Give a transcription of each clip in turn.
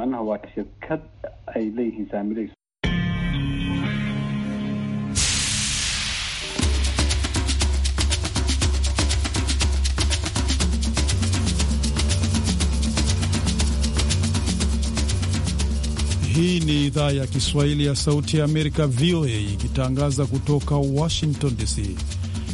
Maanaha waa shirkad ay leeyihiin saamilayso. Hii ni idhaa ya Kiswahili ya Sauti ya Amerika, VOA, ikitangaza kutoka Washington DC.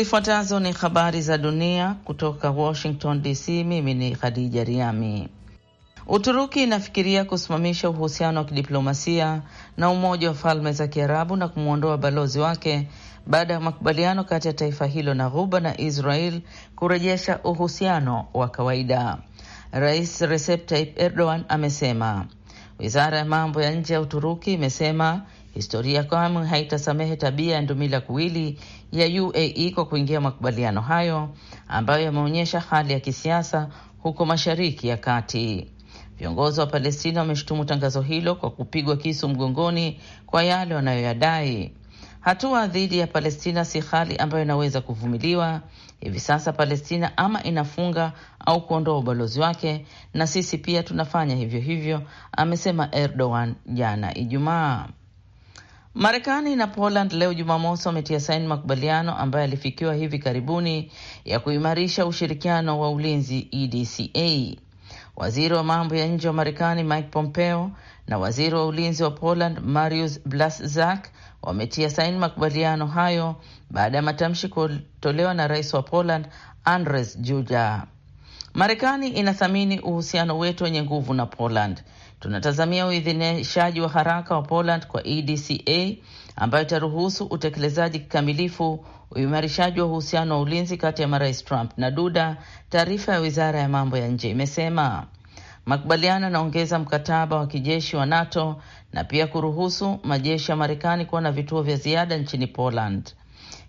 Zifuatazo ni habari za dunia kutoka Washington DC. Mimi ni Khadija Riami. Uturuki inafikiria kusimamisha uhusiano wa kidiplomasia na Umoja wa Falme za Kiarabu na kumwondoa balozi wake baada ya makubaliano kati ya taifa hilo na Ghuba na Israel kurejesha uhusiano wa kawaida. Rais Recep Tayyip Erdogan amesema. Wizara ya mambo ya nje ya Uturuki imesema Historia kamwe haitasamehe tabia ya ndumila kuwili ya UAE kwa kuingia makubaliano hayo ambayo yameonyesha hali ya kisiasa huko Mashariki ya Kati. Viongozi wa Palestina wameshutumu tangazo hilo kwa kupigwa kisu mgongoni kwa yale wanayoyadai. Hatua dhidi ya Palestina si hali ambayo inaweza kuvumiliwa. Hivi sasa Palestina ama inafunga au kuondoa ubalozi wake, na sisi pia tunafanya hivyo hivyo, amesema Erdogan jana Ijumaa. Marekani na Poland leo Jumamosi wametia saini makubaliano ambayo yalifikiwa hivi karibuni ya kuimarisha ushirikiano wa ulinzi EDCA. Waziri wa mambo ya nje wa Marekani Mike Pompeo na waziri wa ulinzi wa Poland Mariusz Blaszczak wametia saini makubaliano hayo baada ya matamshi kutolewa na rais wa Poland Andrzej Duda. Marekani inathamini uhusiano wetu wenye nguvu na Poland Tunatazamia uidhinishaji wa haraka wa Poland kwa EDCA ambayo itaruhusu utekelezaji kikamilifu uimarishaji wa uhusiano wa ulinzi kati ya marais Trump na Duda, taarifa ya wizara ya mambo ya nje imesema. Makubaliano yanaongeza mkataba wa kijeshi wa NATO na pia kuruhusu majeshi ya Marekani kuwa na vituo vya ziada nchini Poland.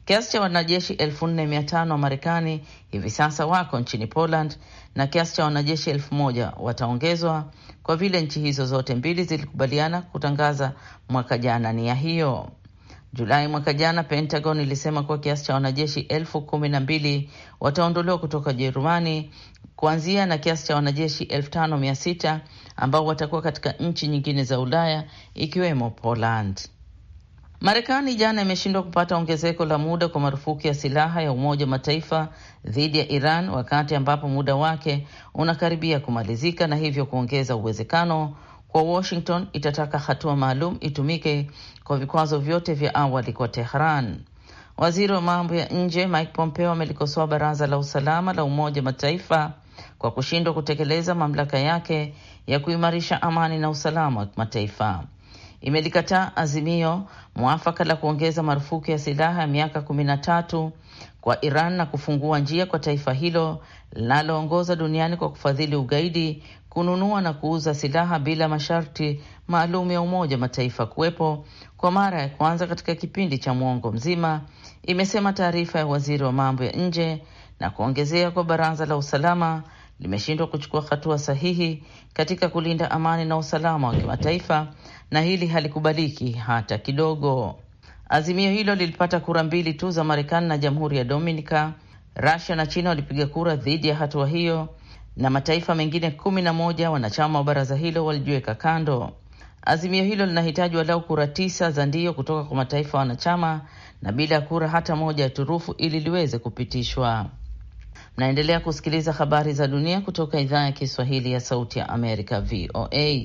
Kiasi cha wanajeshi elfu nne mia tano wa Marekani hivi sasa wako nchini Poland na kiasi cha wanajeshi elfu moja wataongezwa kwa vile nchi hizo zote mbili zilikubaliana kutangaza mwaka jana nia hiyo. Julai mwaka jana, Pentagon ilisema kuwa kiasi cha wanajeshi elfu kumi na mbili wataondolewa kutoka Ujerumani kuanzia na kiasi cha wanajeshi elfu tano mia sita ambao watakuwa katika nchi nyingine za Ulaya ikiwemo Poland. Marekani jana imeshindwa kupata ongezeko la muda kwa marufuku ya silaha ya Umoja wa Mataifa dhidi ya Iran wakati ambapo muda wake unakaribia kumalizika na hivyo kuongeza uwezekano kwa Washington itataka hatua maalum itumike kwa vikwazo vyote vya awali kwa Tehran. Waziri wa mambo ya nje Mike Pompeo amelikosoa Baraza la Usalama la Umoja wa Mataifa kwa kushindwa kutekeleza mamlaka yake ya kuimarisha amani na usalama wa kimataifa imelikataa azimio mwafaka la kuongeza marufuku ya silaha ya miaka kumi na tatu kwa Iran na kufungua njia kwa taifa hilo linaloongoza duniani kwa kufadhili ugaidi kununua na kuuza silaha bila masharti maalum ya Umoja wa Mataifa kuwepo kwa mara ya kwanza katika kipindi cha mwongo mzima, imesema taarifa ya waziri wa mambo ya nje na kuongezea kwa Baraza la Usalama limeshindwa kuchukua hatua sahihi katika kulinda amani na usalama wa kimataifa na hili halikubaliki hata kidogo. Azimio hilo lilipata kura mbili tu za Marekani na Jamhuri ya dominica Rusia na China walipiga kura dhidi ya hatua hiyo, na mataifa mengine kumi na moja wanachama wa baraza hilo walijiweka kando. Azimio hilo linahitaji walau kura tisa za ndio kutoka kwa mataifa wanachama na bila ya kura hata moja ya turufu ili liweze kupitishwa. Mnaendelea kusikiliza habari za dunia kutoka idhaa ya Kiswahili ya Sauti ya Amerika, VOA.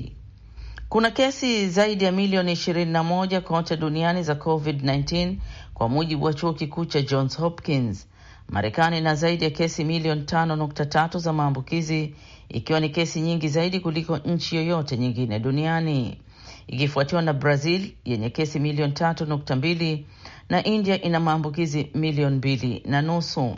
Kuna kesi zaidi ya milioni 21 kote duniani za COVID-19 kwa mujibu wa chuo kikuu cha Johns Hopkins. Marekani ina zaidi ya kesi milioni 5.3 za maambukizi, ikiwa ni kesi nyingi zaidi kuliko nchi yoyote nyingine duniani, ikifuatiwa na Brazil yenye kesi milioni 3.2 na India ina maambukizi milioni mbili na nusu.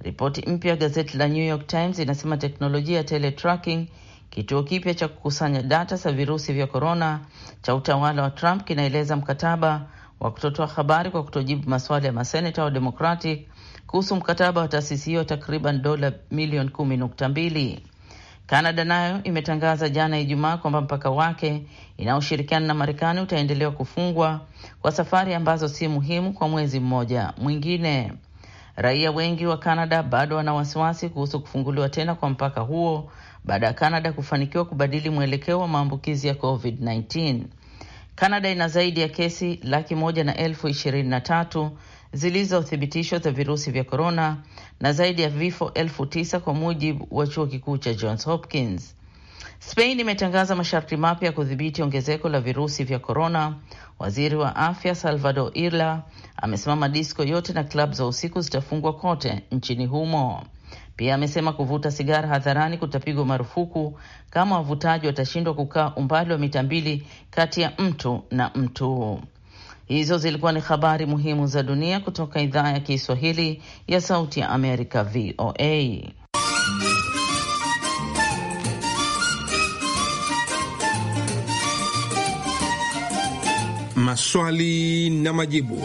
Ripoti mpya ya gazeti la New York Times inasema teknolojia ya teletracking Kituo kipya cha kukusanya data za virusi vya korona cha utawala wa Trump kinaeleza mkataba wa kutotoa habari kwa kutojibu maswali ya maseneta wa Democratic kuhusu mkataba wa taasisi hiyo takriban dola milioni kumi nukta mbili. Kanada nayo imetangaza jana Ijumaa kwamba mpaka wake inayoshirikiana na Marekani utaendelewa kufungwa kwa safari ambazo si muhimu kwa mwezi mmoja mwingine. Raia wengi wa Kanada bado wana wasiwasi kuhusu kufunguliwa tena kwa mpaka huo baada ya canada kufanikiwa kubadili mwelekeo wa maambukizi ya COVID-19. canada ina zaidi ya kesi laki moja na elfu ishirini na tatu zilizothibitishwa za virusi vya korona na zaidi ya vifo elfu tisa kwa mujibu wa chuo kikuu cha Johns Hopkins. Spain imetangaza masharti mapya ya kudhibiti ongezeko la virusi vya korona. Waziri wa afya Salvador Illa amesema madisko yote na klabu za usiku zitafungwa kote nchini humo. Pia amesema kuvuta sigara hadharani kutapigwa marufuku kama wavutaji watashindwa kukaa umbali wa mita mbili kati ya mtu na mtu. Hizo zilikuwa ni habari muhimu za dunia kutoka idhaa ya Kiswahili ya Sauti ya Amerika, VOA. Maswali na majibu.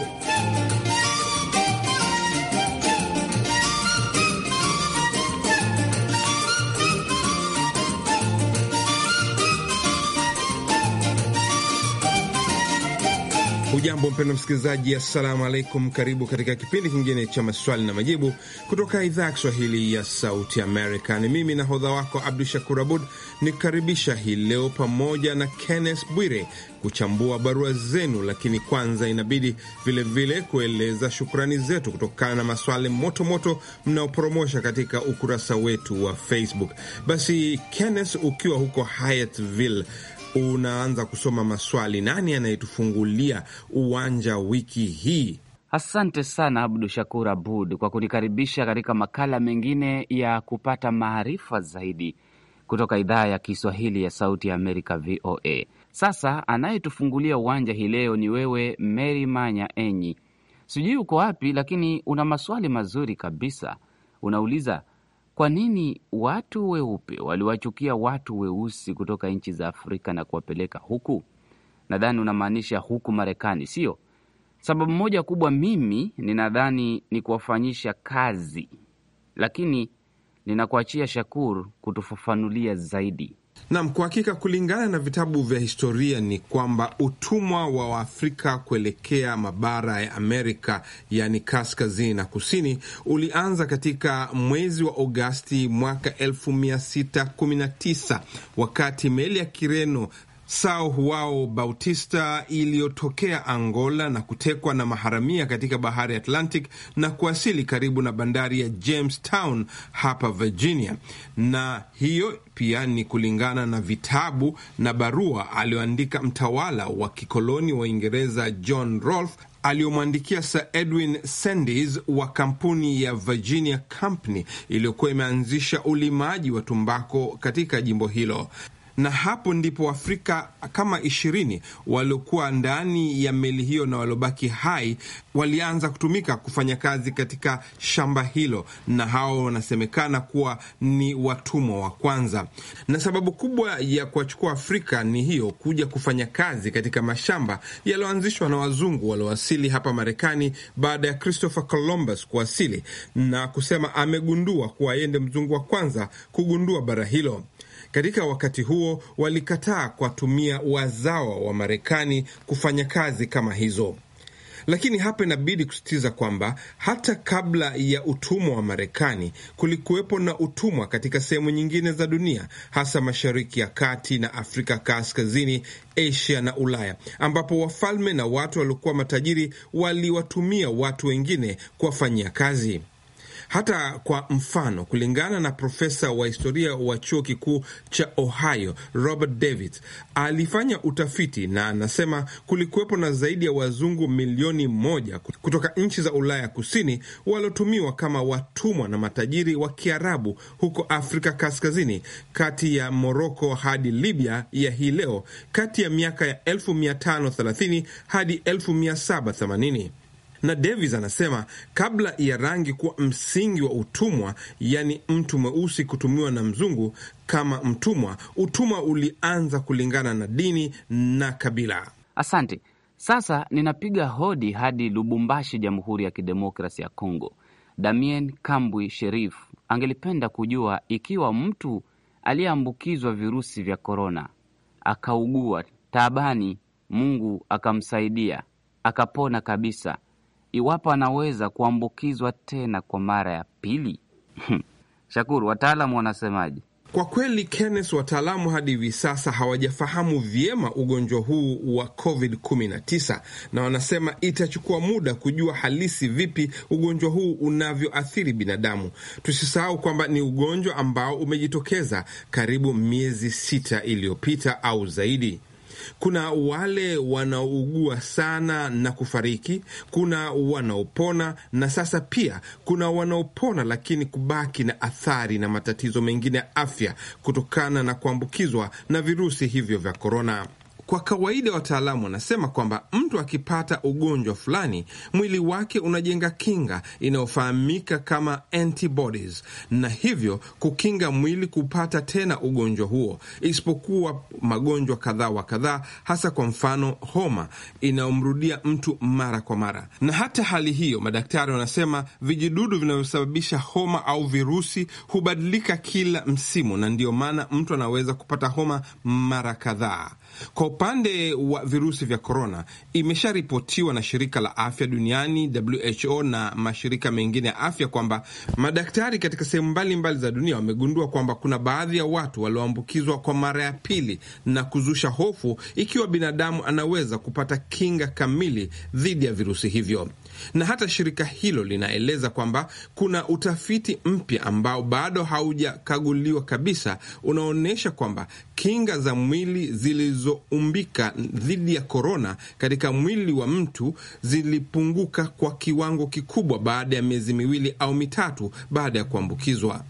Hujambo mpendo msikilizaji, assalamu alaikum. Karibu katika kipindi kingine cha maswali na majibu kutoka idhaa ya Kiswahili ya Sauti Amerika. Ni mimi nahodha wako Abdu Shakur Abud nikukaribisha hii leo pamoja na Kenneth Bwire kuchambua barua zenu, lakini kwanza inabidi vilevile vile kueleza shukrani zetu kutokana na maswali motomoto mnaoporomosha katika ukurasa wetu wa Facebook. Basi Kenneth, ukiwa huko Hayatville unaanza kusoma maswali. Nani anayetufungulia uwanja wiki hii? Asante sana Abdu Shakur Abud kwa kunikaribisha katika makala mengine ya kupata maarifa zaidi kutoka idhaa ya Kiswahili ya Sauti ya Amerika, VOA. Sasa anayetufungulia uwanja hii leo ni wewe Meri Manya Enyi, sijui uko wapi, lakini una maswali mazuri kabisa. Unauliza, kwa nini watu weupe waliwachukia watu weusi kutoka nchi za Afrika na kuwapeleka huku? Nadhani unamaanisha huku Marekani, sio? Sababu moja kubwa mimi ninadhani ni kuwafanyisha kazi, lakini ninakuachia Shakur kutufafanulia zaidi. Nam, kwa hakika, kulingana na vitabu vya historia ni kwamba utumwa wa Waafrika kuelekea mabara ya Amerika, yaani kaskazini na kusini, ulianza katika mwezi wa Agosti mwaka 1619 wakati meli ya Kireno Sao Huao Bautista iliyotokea Angola na kutekwa na maharamia katika bahari Atlantic na kuwasili karibu na bandari ya Jamestown hapa Virginia, na hiyo pia ni kulingana na vitabu na barua aliyoandika mtawala wa kikoloni wa Uingereza John Rolfe aliyomwandikia Sir Edwin Sandys wa kampuni ya Virginia Company iliyokuwa imeanzisha ulimaji wa tumbako katika jimbo hilo na hapo ndipo Waafrika kama ishirini waliokuwa ndani ya meli hiyo na waliobaki hai walianza kutumika kufanya kazi katika shamba hilo, na hao wanasemekana kuwa ni watumwa wa kwanza. Na sababu kubwa ya kuwachukua Afrika ni hiyo, kuja kufanya kazi katika mashamba yaliyoanzishwa na wazungu waliowasili hapa Marekani baada ya Christopher Columbus kuwasili na kusema amegundua kuwa yeye ndiye mzungu wa kwanza kugundua bara hilo. Katika wakati huo walikataa kuwatumia wazawa wa Marekani kufanya kazi kama hizo. Lakini hapa inabidi kusisitiza kwamba hata kabla ya utumwa wa Marekani kulikuwepo na utumwa katika sehemu nyingine za dunia, hasa Mashariki ya Kati na Afrika Kaskazini, Asia na Ulaya, ambapo wafalme na watu waliokuwa matajiri waliwatumia watu wengine kuwafanyia kazi. Hata kwa mfano, kulingana na profesa wa historia wa chuo kikuu cha Ohio Robert Davis, alifanya utafiti na anasema kulikuwepo na zaidi ya wazungu milioni moja kutoka nchi za Ulaya Kusini waliotumiwa kama watumwa na matajiri wa Kiarabu huko Afrika Kaskazini, kati ya Moroko hadi Libya ya hii leo, kati ya miaka ya 1530 hadi 1780. Na Davis anasema kabla ya rangi kuwa msingi wa utumwa, yaani mtu mweusi kutumiwa na mzungu kama mtumwa, utumwa ulianza kulingana na dini na kabila. Asante. Sasa ninapiga hodi hadi Lubumbashi, Jamhuri ya Kidemokrasi ya congo Damien Kambwi Sherif angelipenda kujua ikiwa mtu aliyeambukizwa virusi vya korona akaugua taabani, Mungu akamsaidia akapona kabisa, iwapo anaweza kuambukizwa tena kwa mara ya pili. Hmm. Shakuru, wataalamu wanasemaje? Kwa kweli Kennes, wataalamu hadi hivi sasa hawajafahamu vyema ugonjwa huu wa COVID-19 na wanasema itachukua muda kujua halisi vipi ugonjwa huu unavyoathiri binadamu. Tusisahau kwamba ni ugonjwa ambao umejitokeza karibu miezi sita iliyopita au zaidi. Kuna wale wanaougua sana na kufariki, kuna wanaopona na sasa pia kuna wanaopona lakini kubaki na athari na matatizo mengine ya afya kutokana na kuambukizwa na virusi hivyo vya korona. Kwa kawaida wataalamu wanasema kwamba mtu akipata ugonjwa fulani, mwili wake unajenga kinga inayofahamika kama antibodies, na hivyo kukinga mwili kupata tena ugonjwa huo, isipokuwa magonjwa kadhaa wa kadhaa, hasa kwa mfano homa inayomrudia mtu mara kwa mara. Na hata hali hiyo, madaktari wanasema vijidudu vinavyosababisha homa au virusi hubadilika kila msimu, na ndiyo maana mtu anaweza kupata homa mara kadhaa. Kwa upande wa virusi vya korona, imesharipotiwa na shirika la afya duniani WHO na mashirika mengine ya afya kwamba madaktari katika sehemu mbalimbali za dunia wamegundua kwamba kuna baadhi ya watu walioambukizwa kwa mara ya pili na kuzusha hofu ikiwa binadamu anaweza kupata kinga kamili dhidi ya virusi hivyo na hata shirika hilo linaeleza kwamba kuna utafiti mpya ambao bado haujakaguliwa kabisa, unaonyesha kwamba kinga za mwili zilizoumbika dhidi ya korona katika mwili wa mtu zilipunguka kwa kiwango kikubwa baada ya miezi miwili au mitatu baada ya kuambukizwa.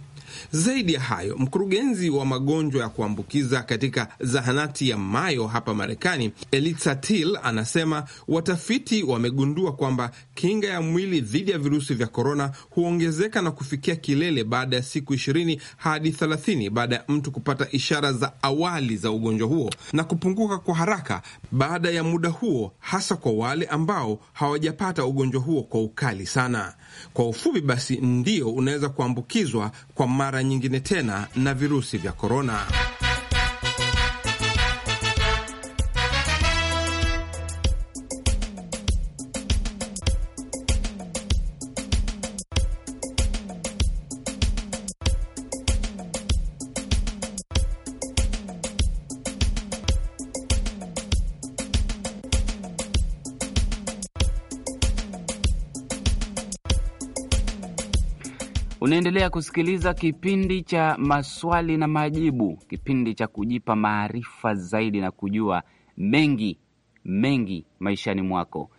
Zaidi ya hayo, mkurugenzi wa magonjwa ya kuambukiza katika zahanati ya Mayo hapa Marekani, Elitha Till, anasema watafiti wamegundua kwamba kinga ya mwili dhidi ya virusi vya korona huongezeka na kufikia kilele baada ya siku ishirini hadi thelathini baada ya mtu kupata ishara za awali za ugonjwa huo na kupunguka kwa haraka baada ya muda huo, hasa kwa wale ambao hawajapata ugonjwa huo kwa ukali sana. Kwa ufupi basi, ndio unaweza kuambukizwa kwa mara mara nyingine tena na virusi vya korona. Unaendelea kusikiliza kipindi cha maswali na majibu, kipindi cha kujipa maarifa zaidi na kujua mengi mengi maishani mwako.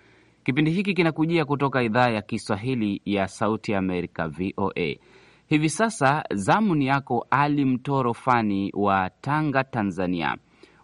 Kipindi hiki kinakujia kutoka idhaa ya Kiswahili ya Sauti ya Amerika, VOA. Hivi sasa zamu ni yako Ali Mtoro Fani wa Tanga, Tanzania.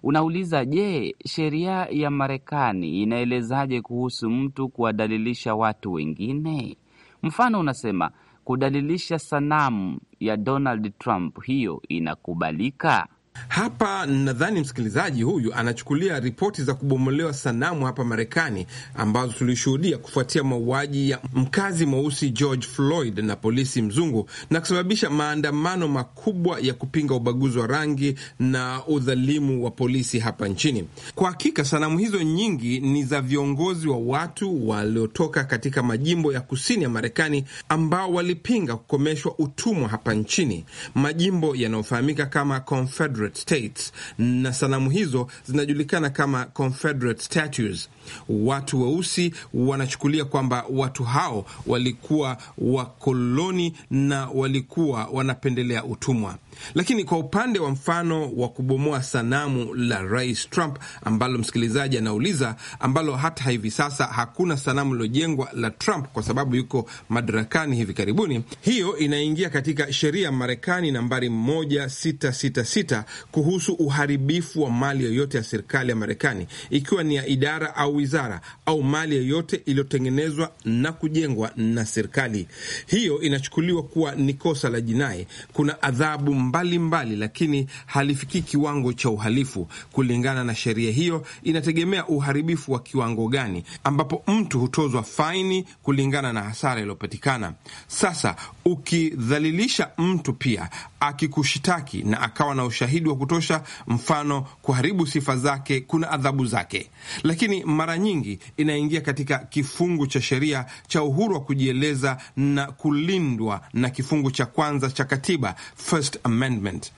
Unauliza, je, sheria ya Marekani inaelezaje kuhusu mtu kuwadalilisha watu wengine? Mfano unasema kudalilisha sanamu ya Donald Trump hiyo inakubalika hapa nadhani msikilizaji huyu anachukulia ripoti za kubomolewa sanamu hapa Marekani ambazo tulishuhudia kufuatia mauaji ya mkazi mweusi George Floyd na polisi mzungu na kusababisha maandamano makubwa ya kupinga ubaguzi wa rangi na udhalimu wa polisi hapa nchini. Kwa hakika sanamu hizo nyingi ni za viongozi wa watu waliotoka katika majimbo ya kusini ya Marekani ambao walipinga kukomeshwa utumwa hapa nchini, majimbo yanayofahamika kama Confederate Confederate States, na sanamu hizo zinajulikana kama Confederate statues. Watu weusi wanachukulia kwamba watu hao walikuwa wakoloni na walikuwa wanapendelea utumwa. Lakini kwa upande wa mfano wa kubomoa sanamu la Rais Trump ambalo msikilizaji anauliza, ambalo hata hivi sasa hakuna sanamu lilojengwa la Trump kwa sababu yuko madarakani hivi karibuni, hiyo inaingia katika sheria ya Marekani nambari 1666 kuhusu uharibifu wa mali yoyote ya serikali ya Marekani, ikiwa ni ya idara au wizara au mali yoyote iliyotengenezwa na kujengwa na serikali. Hiyo inachukuliwa kuwa ni kosa la jinai. Kuna adhabu mbalimbali mbali, lakini halifikii kiwango cha uhalifu. Kulingana na sheria hiyo, inategemea uharibifu wa kiwango gani, ambapo mtu hutozwa faini kulingana na hasara iliyopatikana. Sasa ukidhalilisha mtu pia akikushitaki na akawa na ushahidi wa kutosha, mfano kuharibu sifa zake, kuna adhabu zake, lakini mara nyingi inaingia katika kifungu cha sheria cha uhuru wa kujieleza na kulindwa na kifungu cha kwanza cha katiba, First Amendment.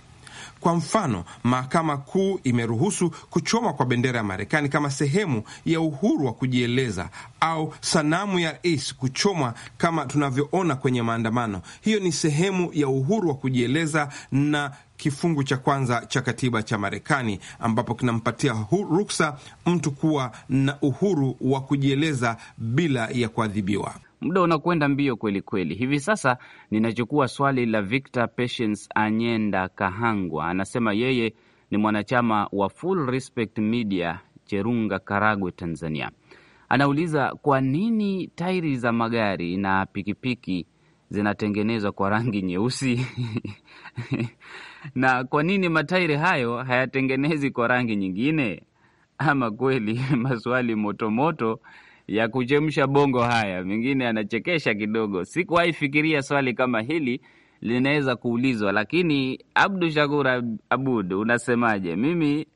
Kwa mfano, mahakama kuu imeruhusu kuchomwa kwa bendera ya Marekani kama sehemu ya uhuru wa kujieleza au sanamu ya rais kuchomwa kama tunavyoona kwenye maandamano. Hiyo ni sehemu ya uhuru wa kujieleza na kifungu cha kwanza cha katiba cha Marekani ambapo kinampatia ruksa mtu kuwa na uhuru wa kujieleza bila ya kuadhibiwa. Muda unakwenda mbio kweli kweli. Hivi sasa ninachukua swali la Victor Patience Anyenda Kahangwa, anasema yeye ni mwanachama wa Full Respect Media, Cherunga, Karagwe, Tanzania. Anauliza, kwa nini tairi za magari na pikipiki zinatengenezwa kwa rangi nyeusi na kwa nini matairi hayo hayatengenezi kwa rangi nyingine? Ama kweli maswali motomoto moto ya kuchemsha bongo haya, mengine yanachekesha kidogo. Sikuwahi fikiria swali kama hili linaweza kuulizwa, lakini Abdu Shakur Abud, unasemaje? Mimi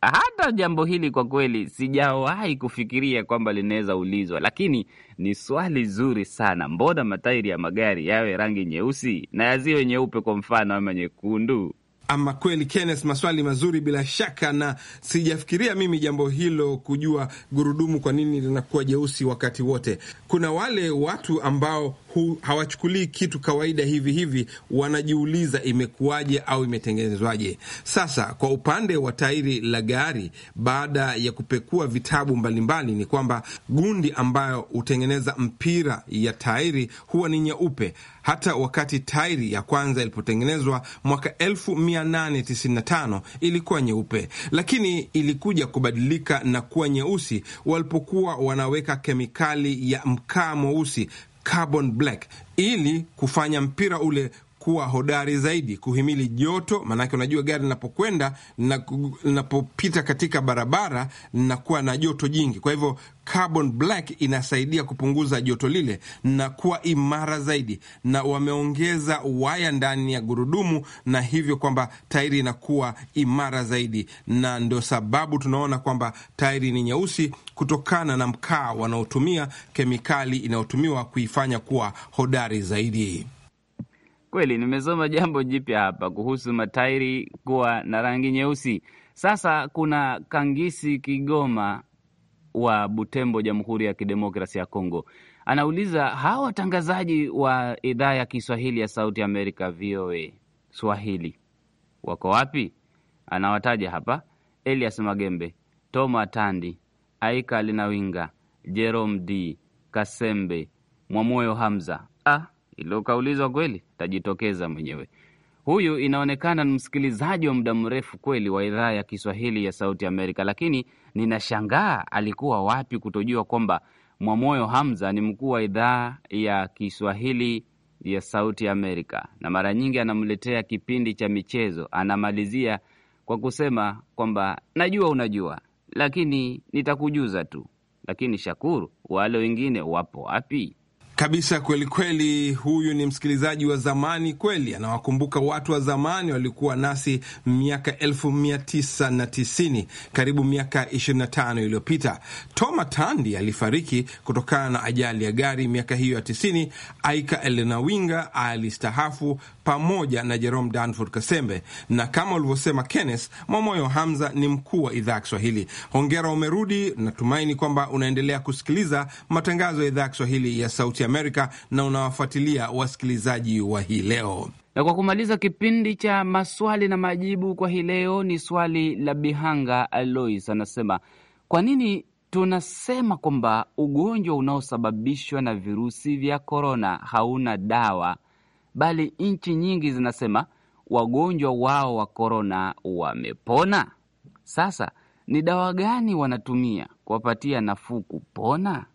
hata jambo hili kwa kweli sijawahi kufikiria kwamba linaweza ulizwa, lakini ni swali zuri sana. Mbona matairi ya magari yawe rangi nyeusi na yaziwe nyeupe, kwa mfano ama nyekundu? Ama kweli Kenneth, maswali mazuri bila shaka, na sijafikiria mimi jambo hilo, kujua gurudumu kwa nini linakuwa jeusi wakati wote. Kuna wale watu ambao hu, hawachukulii kitu kawaida hivi hivi, wanajiuliza imekuwaje au imetengenezwaje. Sasa kwa upande wa tairi la gari, baada ya kupekua vitabu mbalimbali, ni kwamba gundi ambayo hutengeneza mpira ya tairi huwa ni nyeupe. Hata wakati tairi ya kwanza ilipotengenezwa mwaka 1895 ilikuwa nyeupe, lakini ilikuja kubadilika na kuwa nyeusi walipokuwa wanaweka kemikali ya mkaa mweusi carbon black ili kufanya mpira ule kuwa hodari zaidi kuhimili joto, maanake unajua gari linapokwenda linapopita katika barabara linakuwa na joto jingi, kwa hivyo carbon black inasaidia kupunguza joto lile na kuwa imara zaidi, na wameongeza waya ndani ya gurudumu, na hivyo kwamba tairi inakuwa imara zaidi, na ndio sababu tunaona kwamba tairi ni nyeusi kutokana na mkaa wanaotumia, kemikali inayotumiwa kuifanya kuwa hodari zaidi. Kweli nimesoma jambo jipya hapa kuhusu matairi kuwa na rangi nyeusi. Sasa kuna Kangisi Kigoma wa Butembo, Jamhuri ya Kidemokrasi ya Kongo, anauliza hawa watangazaji wa idhaa ya Kiswahili ya Sauti Amerika, VOA Swahili, wako wapi? Anawataja hapa: Elias Magembe, Toma Tandi, Aika Linawinga, Jerome D Kasembe, Mwamoyo Hamza. Ah, iliokaulizwa kweli, tajitokeza mwenyewe. Huyu inaonekana ni msikilizaji wa muda mrefu kweli wa idhaa ya Kiswahili ya Sauti Amerika, lakini ninashangaa alikuwa wapi kutojua kwamba Mwamoyo Hamza ni mkuu wa idhaa ya Kiswahili ya Sauti Amerika, na mara nyingi anamletea kipindi cha michezo. Anamalizia kwa kusema kwamba najua unajua, lakini nitakujuza tu. Lakini Shakuru, wale wengine wapo wapi? kabisa kweli kweli. Huyu ni msikilizaji wa zamani kweli, anawakumbuka watu wa zamani walikuwa nasi miaka elfu mia tisa na tisini, karibu miaka 25 iliyopita. Toma Tandi alifariki kutokana na ajali ya gari miaka hiyo ya tisini. Aika Winga alistahafu pamoja na Jerome Danford Kasembe, na kama ulivyosema Kenneth Mwamoyo Hamza ni mkuu wa idhaa ya Kiswahili. Hongera umerudi, natumaini kwamba unaendelea kusikiliza matangazo ya idhaa ya Kiswahili ya Sauti Amerika na unawafuatilia wasikilizaji wa hii leo. Na kwa kumaliza kipindi cha maswali na majibu kwa hii leo, ni swali la Bihanga Alois, anasema kwa nini tunasema kwamba ugonjwa unaosababishwa na virusi vya korona hauna dawa, bali nchi nyingi zinasema wagonjwa wao wa korona wamepona. Sasa ni dawa gani wanatumia kuwapatia nafuu kupona?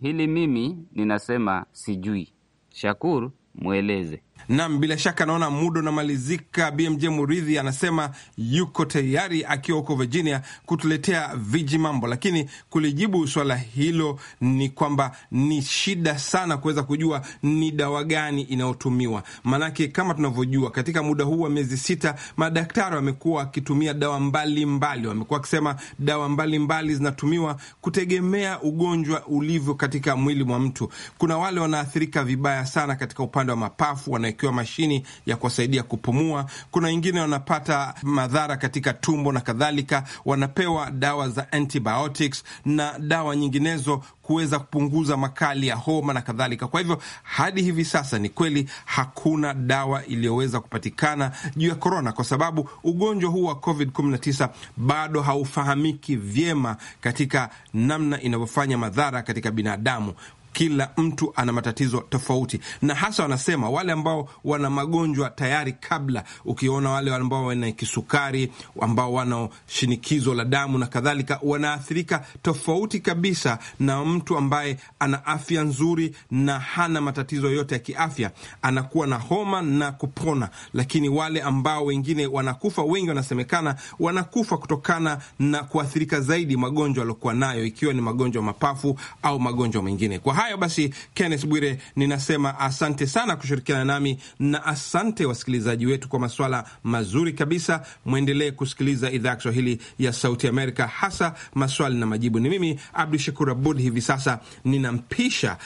Hili mimi ninasema sijui. Shakur, mweleze. Nam, bila shaka naona muda unamalizika. BMJ Muridhi anasema yuko tayari akiwa huko Virginia kutuletea viji mambo, lakini kulijibu swala hilo ni kwamba ni shida sana kuweza kujua ni dawa gani inayotumiwa, maanake kama tunavyojua, katika muda huu wa miezi sita madaktari wamekuwa wakitumia dawa mbalimbali, wamekuwa wakisema dawa mbalimbali zinatumiwa kutegemea ugonjwa ulivyo katika mwili mwa mtu. Kuna wale wanaathirika vibaya sana katika upande wa mapafu wana wanawekewa mashini ya kuwasaidia kupumua. Kuna wengine wanapata madhara katika tumbo na kadhalika, wanapewa dawa za antibiotics na dawa nyinginezo kuweza kupunguza makali ya homa na kadhalika. Kwa hivyo hadi hivi sasa ni kweli hakuna dawa iliyoweza kupatikana juu ya korona, kwa sababu ugonjwa huu wa COVID-19 bado haufahamiki vyema katika namna inavyofanya madhara katika binadamu kila mtu ana matatizo tofauti, na hasa wanasema wale ambao wana magonjwa tayari kabla. Ukiona wale ambao wana kisukari, ambao wana shinikizo la damu na kadhalika, wanaathirika tofauti kabisa na mtu ambaye ana afya nzuri na hana matatizo yote ya kiafya, anakuwa na homa na kupona. Lakini wale ambao wengine wanakufa, wengi wanasemekana wanakufa kutokana na kuathirika zaidi magonjwa aliokuwa nayo, ikiwa ni magonjwa mapafu au magonjwa mengine kwa hayo basi, Kenneth Bwire, ninasema asante sana kushirikiana nami na asante wasikilizaji wetu kwa maswala mazuri kabisa. Mwendelee kusikiliza idhaa ya Kiswahili ya Sauti Amerika, hasa maswali na majibu. Ni mimi Abdu Shakur Abud, hivi sasa ninampisha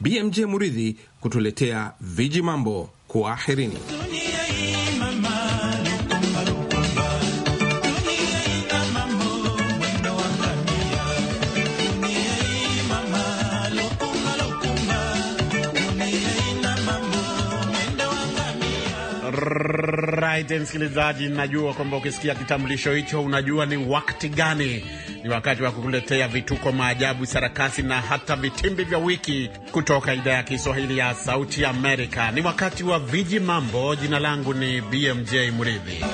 BMJ Muridhi kutuletea viji mambo. Kwaherini. Right, msikilizaji, najua kwamba ukisikia kitambulisho hicho unajua ni wakati gani. Ni wakati wa kukuletea vituko, maajabu, sarakasi na hata vitimbi vya wiki kutoka idhaa ya Kiswahili ya Sauti Amerika. Ni wakati wa viji mambo. Jina langu ni BMJ Mridhi.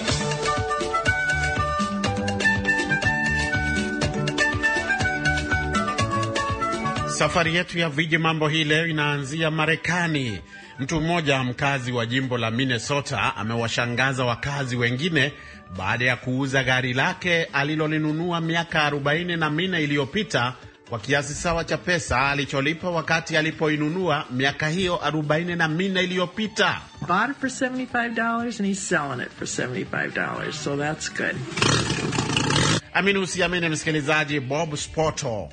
Safari yetu ya viji mambo hii leo inaanzia Marekani Mtu mmoja mkazi wa jimbo la Minnesota amewashangaza wakazi wengine baada ya kuuza gari lake alilolinunua miaka arobaini na minne iliyopita kwa kiasi sawa cha pesa alicholipa wakati alipoinunua miaka hiyo arobaini na minne iliyopita. Amini usiamini, msikilizaji, Bob Spoto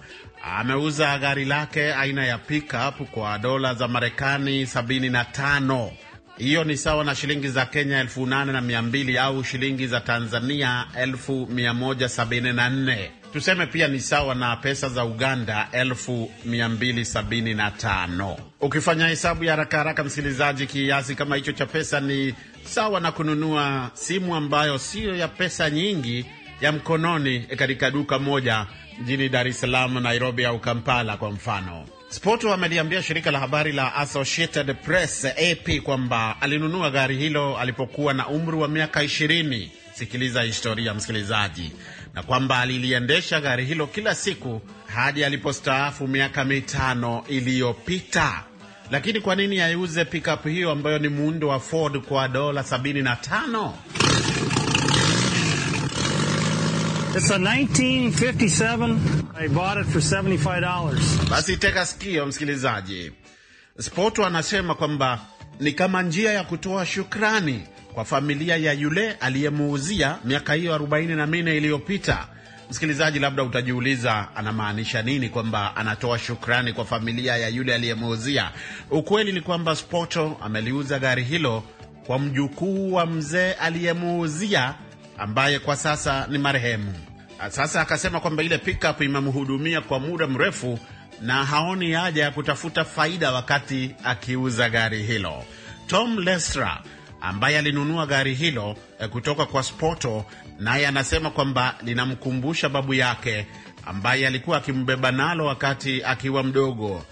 ameuza gari lake aina ya pickup kwa dola za Marekani 75. Hiyo ni sawa na shilingi za Kenya 8200 au shilingi za Tanzania 1174. Tuseme pia ni sawa na pesa za Uganda 275. Ukifanya hesabu ya haraka haraka, msikilizaji, kiasi kama hicho cha pesa ni sawa na kununua simu ambayo siyo ya pesa nyingi ya mkononi katika duka moja jijini Dar es Salaam, Nairobi au Kampala kwa mfano. Spoto ameliambia shirika la habari la Associated Press AP kwamba alinunua gari hilo alipokuwa na umri wa miaka ishirini. Sikiliza historia msikilizaji, na kwamba aliliendesha gari hilo kila siku hadi alipostaafu miaka mitano iliyopita. Lakini kwa nini aiuze pikapu hiyo ambayo ni muundo wa Ford kwa dola 75? It's a 1957. I bought it for $75. Basi teka sikio msikilizaji. spoto anasema kwamba ni kama njia ya kutoa shukrani kwa familia ya yule aliyemuuzia miaka hiyo 44 na iliyopita. Msikilizaji, labda utajiuliza anamaanisha nini kwamba anatoa shukrani kwa familia ya yule aliyemuuzia. Ukweli ni kwamba Spoto ameliuza gari hilo kwa mjukuu wa mzee aliyemuuzia ambaye kwa sasa ni marehemu. Sasa akasema kwamba ile pickup imemhudumia kwa muda mrefu na haoni haja ya kutafuta faida wakati akiuza gari hilo. Tom Lestra ambaye alinunua gari hilo eh, kutoka kwa Spoto, naye anasema kwamba linamkumbusha babu yake ambaye alikuwa akimbeba nalo wakati akiwa mdogo,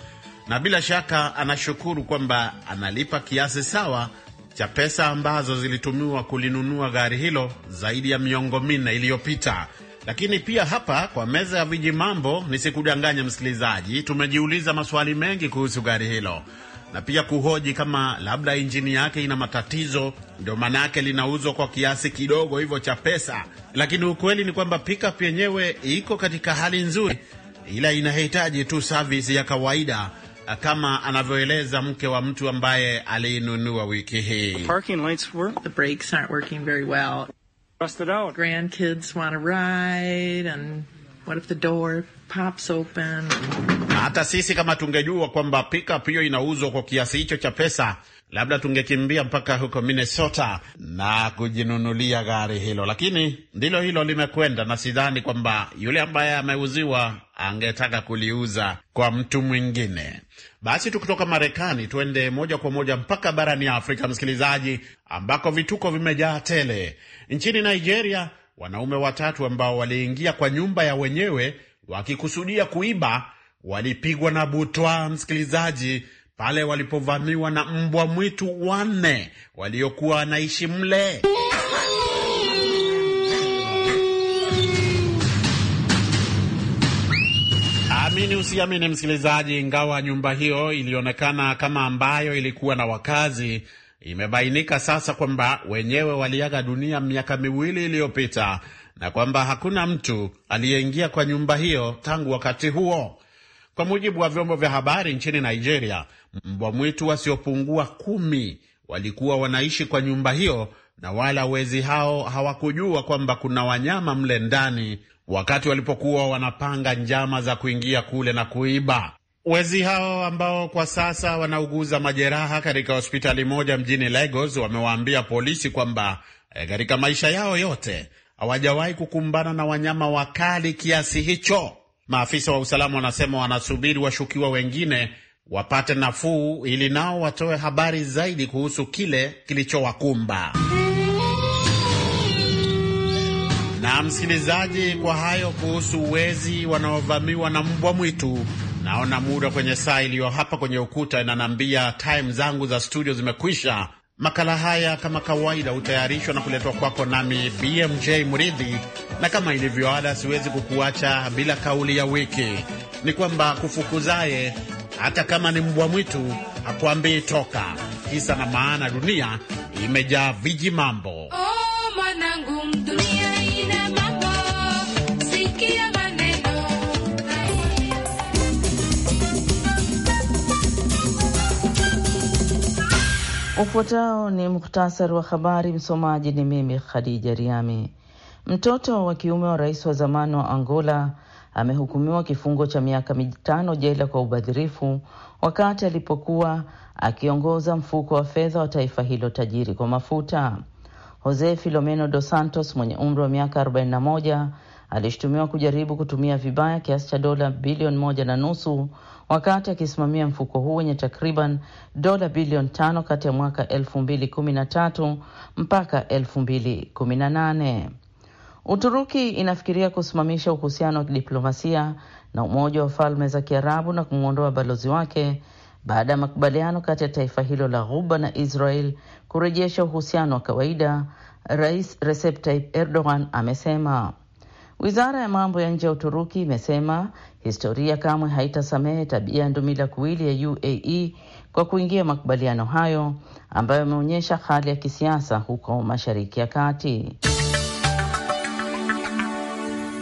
na bila shaka anashukuru kwamba analipa kiasi sawa cha pesa ambazo zilitumiwa kulinunua gari hilo zaidi ya miongo minne iliyopita. Lakini pia hapa kwa meza ya viji mambo, nisikudanganye msikilizaji, tumejiuliza maswali mengi kuhusu gari hilo na pia kuhoji kama labda injini yake ina matatizo, ndio yake linauzwa kwa kiasi kidogo hivyo cha pesa. Lakini ukweli ni kwamba pikap yenyewe iko katika hali nzuri, ila inahitaji tu service ya kawaida kama anavyoeleza mke wa mtu ambaye aliinunua wiki hii. Hata sisi kama tungejua kwamba pickup hiyo inauzwa kwa kiasi hicho cha pesa labda tungekimbia mpaka huko Minnesota na kujinunulia gari hilo, lakini ndilo hilo limekwenda, na sidhani kwamba yule ambaye ameuziwa angetaka kuliuza kwa mtu mwingine. Basi tukitoka Marekani tuende moja kwa moja mpaka barani ya Afrika, msikilizaji, ambako vituko vimejaa tele. Nchini Nigeria, wanaume watatu ambao waliingia kwa nyumba ya wenyewe wakikusudia kuiba walipigwa na butwa, msikilizaji pale walipovamiwa na mbwa mwitu wanne waliokuwa wanaishi mle. Amini usiamini, msikilizaji, ingawa nyumba hiyo ilionekana kama ambayo ilikuwa na wakazi, imebainika sasa kwamba wenyewe waliaga dunia miaka miwili iliyopita na kwamba hakuna mtu aliyeingia kwa nyumba hiyo tangu wakati huo. Kwa mujibu wa vyombo vya habari nchini Nigeria, mbwa mwitu wasiopungua kumi walikuwa wanaishi kwa nyumba hiyo, na wala wezi hao hawakujua kwamba kuna wanyama mle ndani wakati walipokuwa wanapanga njama za kuingia kule na kuiba. Wezi hao ambao kwa sasa wanauguza majeraha katika hospitali moja mjini Lagos wamewaambia polisi kwamba eh, katika e, maisha yao yote hawajawahi kukumbana na wanyama wakali kiasi hicho. Maafisa wa usalama wanasema wanasubiri washukiwa wengine wapate nafuu ili nao watoe habari zaidi kuhusu kile kilichowakumba. Na msikilizaji, kwa hayo kuhusu wezi wanaovamiwa na mbwa mwitu. Naona muda kwenye saa iliyo hapa kwenye ukuta inanaambia time zangu za studio zimekwisha. Makala haya kama kawaida hutayarishwa na kuletwa kwako nami BMJ Muridhi, na kama ilivyo ada, siwezi kukuacha bila kauli ya wiki, ni kwamba kufukuzaye hata kama ni mbwa mwitu akuambii toka. Kisa na maana, dunia imejaa viji mambo. Ufuatao ni muhtasari wa habari. Msomaji ni mimi Khadija Riami. Mtoto wa kiume wa rais wa zamani wa Angola amehukumiwa kifungo cha miaka mitano jela kwa ubadhirifu wakati alipokuwa akiongoza mfuko wa fedha wa taifa hilo tajiri kwa mafuta. Jose Filomeno Dos Santos mwenye umri wa miaka 41 alishutumiwa kujaribu kutumia vibaya kiasi cha dola bilioni moja na nusu wakati akisimamia mfuko huu wenye takriban dola bilioni tano kati ya mwaka 2013 mpaka 2018. Uturuki inafikiria kusimamisha uhusiano wa kidiplomasia na Umoja wa Falme za Kiarabu na kumwondoa balozi wake baada ya makubaliano kati ya taifa hilo la Ghuba na Israel kurejesha uhusiano wa kawaida. Rais Recep Tayyip Erdogan amesema. Wizara ya mambo ya nje ya Uturuki imesema historia kamwe haitasamehe tabia ya ndumila kuwili ya UAE kwa kuingia makubaliano hayo ambayo yameonyesha hali ya kisiasa huko Mashariki ya Kati.